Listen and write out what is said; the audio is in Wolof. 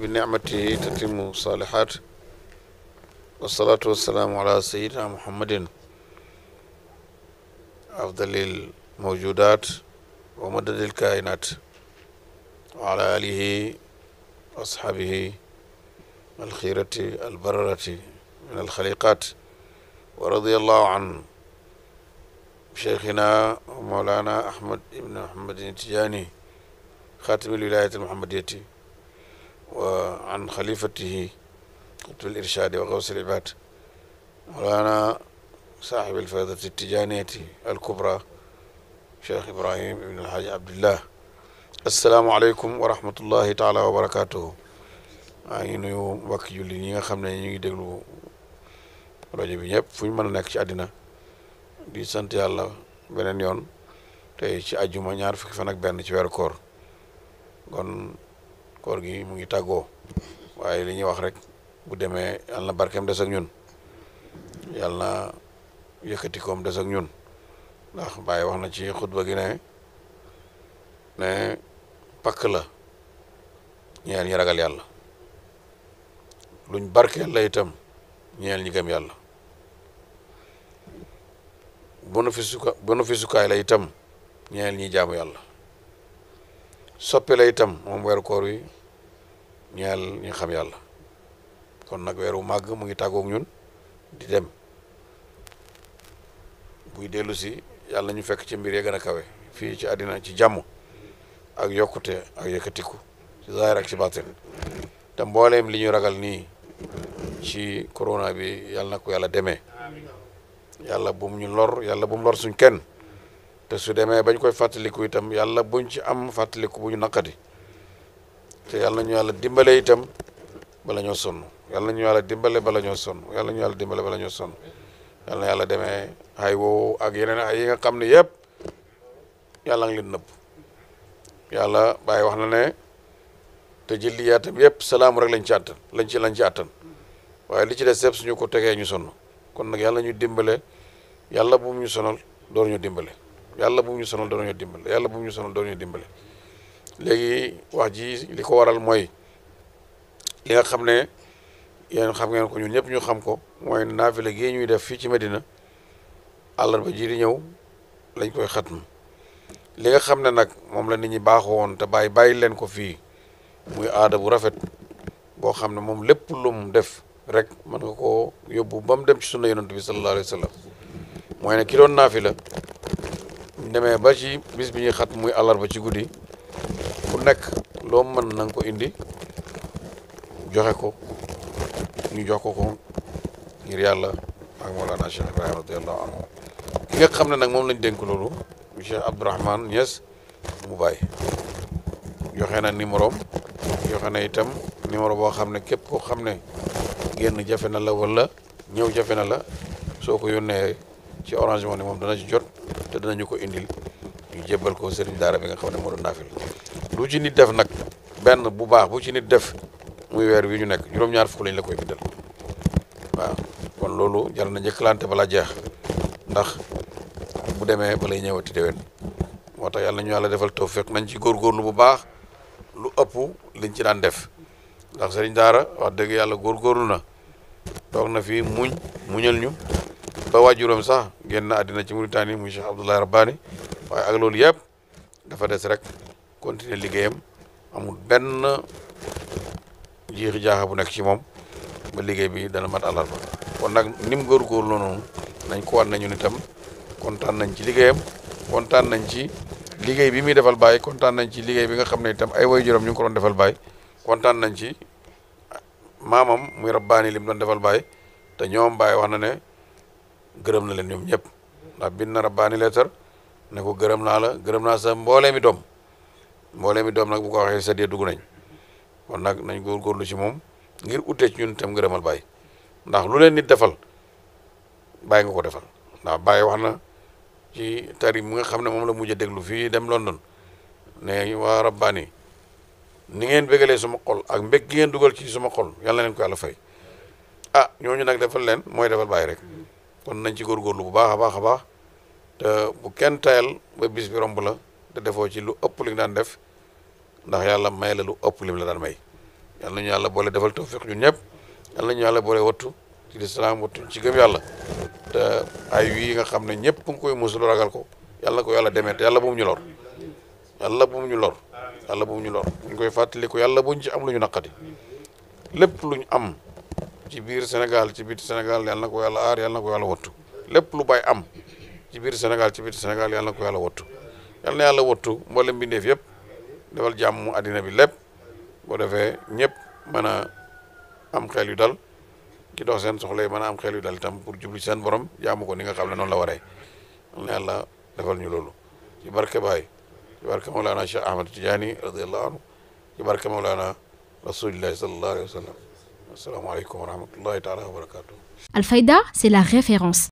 bi nicmatihi tatimu salihat wasalaatu wasalaamu ala sayidina muhammadin afdalil mawjudat wa madadil kainat wa ala alihi wa ashabihi alxirati albararati min alxaliqat wa radiallahu an cheikhina wa mawlana ahmad ibn muhammadin tijaani xaatimil wilayati almuhammadiyati wa an xalifatihi qutbil irshaadi wa gawsil ibaad mawlaana saaxib alfaydati tijaaniyati alkubra cheikh ibrahim ibn alhaaji abdullah assalaamu aleykum wa rahmatullahi taala wa barakatuhu maa ngi nuyu mbokki julli ñi nga xam ne ñu ngi déglu rajo bi ñëpp fu ñu mën a nekk ci àddina di sant yàlla beneen yoon tey ci àjjuma ñaar fukki fan ak benn ci weeru koor kon koor gi mu ngi tàggoo waaye li ñuy wax rek bu demee yàlla na barkeem des ak ñun yàlla na yëkkati koom des ak ñun ndax Baye wax na ci xutba gi ne ne pakk la ñeel ñi ragal yàlla luñ barkeel la itam ñeel ñi gëm yàlla bénéficeuka bénéficeukaay la itam ñeel ñi jaamu yàlla soppe la itam moom weeru koor wi ñeel ñi xam yàlla kon nag weeru màgg mu ngi tàggook ñun di dem buy dellu si yàlla ñu fekk ci mbir ya gën a kawe fii ci àddina ci jàmm ak yokkute ak yëkkatiku ci zaahir ak ci baatin te mbooleem li ñu ragal nii ci corona bi yàlla na ko yàlla demee yàlla bu mu ñu lor yàlla bu mu lor suñ kenn te su demee bañ koy fàttaliku itam yàlla buñ ci am fàttaliku bu ñu naqadi te yàlla nañu yàlla dimbale itam bala ñoo sonn yàlla nañu yàlla dimbale bala ñoo sonn yàlla nañu yàlla dimbale bala ñoo sonn yàlla demee ay ak yeneen ay yi nga xam ne yëpp yàlla ngi leen nëbb yàlla bàyyi wax na ne te jëlli yaatam yëpp salaam rek lañ ci lañ ci ci àttan waaye li ci des yëpp suñu ko tegee ñu sonn kon nag yàlla ñu dimbale yàlla bu mu ñu sonal door ñu dimbale yàlla bu mu ñu sonal door ñu dimbale yàlla bu ñu sonal door ñu dimbale léegi wax ji li ko waral mooy li nga xam ne yéen xam ngeen ko ñun ñëpp ñu xam ko mooy naafila gi ñuy def fii ci Medina àllarba ji di ñëw lañ koy xat mu li nga xam ne nag moom la nit ñi baaxoo woon te bàyyi bàyyi leen ko fii muy aada bu rafet boo xam ne moom lépp lum def rek mën nga ko yóbbu ba mu dem ci sunna yonent bi sallallahu alayhi wa sallam mooy ne ki doon naafila demee ba ci bis bi ñuy xat muy àllarba ci guddi nekk loo mën na ko indi joxe ko ñu jox ko ko ngir yàlla ak Mawlana Cheikh Ibrahima radiyallahu anhu ki nga xam ne nag moom lañ dénk loolu Cheikh Abdourahmane Niass mu bàyyi joxe na numéro joxe na itam numéro boo xam ne képp koo xam ne génn jafe na la wala ñëw jafe na la soo ko yónnee ci Orange Money moom dana ci jot te danañu ko indil ñu jébbal ko sëriñ daara bi nga xam ne moo doon naafil lu ci nit def nag benn bu baax bu ci nit def muy weer wi ñu nekk juróom-ñaar fukk lañ la koy bindal waaw kon loolu jar na njëkkalante balaa jeex ndax bu demee balay ñëwati déwén moo tax yàlla ñu yàlla defal tawfeex nañ ci góorgóorlu bu baax lu ëpp liñ ci daan def ndax sëriñ daara wax dëgg yàlla góorgóorlu na toog na fi muñ muñal ñu ba waajuram sax génn na mu ci Mauritanie muy Cheikh Abdoulaye Rabbani waaye ak loolu yëpp dafa des rek continuer liggéeyam amul benn jiixi jaaxa bu nekk ci moom ba liggéey bi dana mat àllarba kon nag ni mu góorgóorlu noonu nañ ko wan nañu nitam kontaan nañ ci liggéeyam kontaan nañ ci liggéey bi muy defal baay kontaan nañ ci liggéey bi nga xam ne itam ay waajuram ñu ngi ko doon defal baay kontaan nañ ci maamam muy rabbaani li doon defal baay te ñoom baay wax na ne gërëm na leen ñoom ñëpp ndax bind na rabbaani leetar ne ko gërëm naa la gërëm naa sa mboolee mi doom mboolee mi doom nag bu ko waxee sa dee dugg nañ kon nag nañ góorgóorlu ci moom ngir utee ci ñun tem tam ngërëmal bàyyi ndax lu leen nit defal bàyyi nga ko defal ndax bàyyi wax na ci tari mu nga xam ne moom la mujj a déglu fii dem London ne waa rabbaani ni ngeen bégalee suma xol ak mbég gi ngeen dugal ci suma xol yàlla na leen ko yàlla fay ah ñooñu nag defal leen mooy defal bàyyi rek kon nañ ci góorgóorlu bu baax a baax a baax te bu kenn tayal ba bis bi romb la te defoo ci lu ëpp li daan def ndax yàlla may la lu ëpp lim la daan may yal nañu yàlla boole defal tawfiq ñun ñëpp yal nañu yàlla boole wattu ci lislaam wattu ci gëm yàlla te ay wii nga xam ne ñëpp ku mu koy musul ragal ko yàlla na ko yàlla demee yàlla bu mu ñu lor yàlla bu mu ñu lor ñu koy fàttaliku yàlla boo ci am lu ñu naqati lépp lu ñu am ci biir Sénégal ci biir Sénégal yàlla na ko yàlla aar yàlla na ko yàlla wattu lépp lu bay am ci biir Sénégal ci biir Sénégal yàlla na ko yàlla wattu yal na yàlla wattu mboolem mbindeef yëpp defal jàmm àddina bi lépp boo defee ñëpp mën a am xel yu dal ki dox seen soxla yi am xel yu dal itam pour jublu seen borom jaamu ko ni nga xam ne noonu la waree yal na yàlla defal ñu loolu ci barke Baay ci barke Mawlana Cheikh Ahmad Tidiane radiyallahu anhu ci barke Mawlana wa sallam assalaamu aleykum wa rahmatullahi taala wa barakatuh Alfayda c'est la référence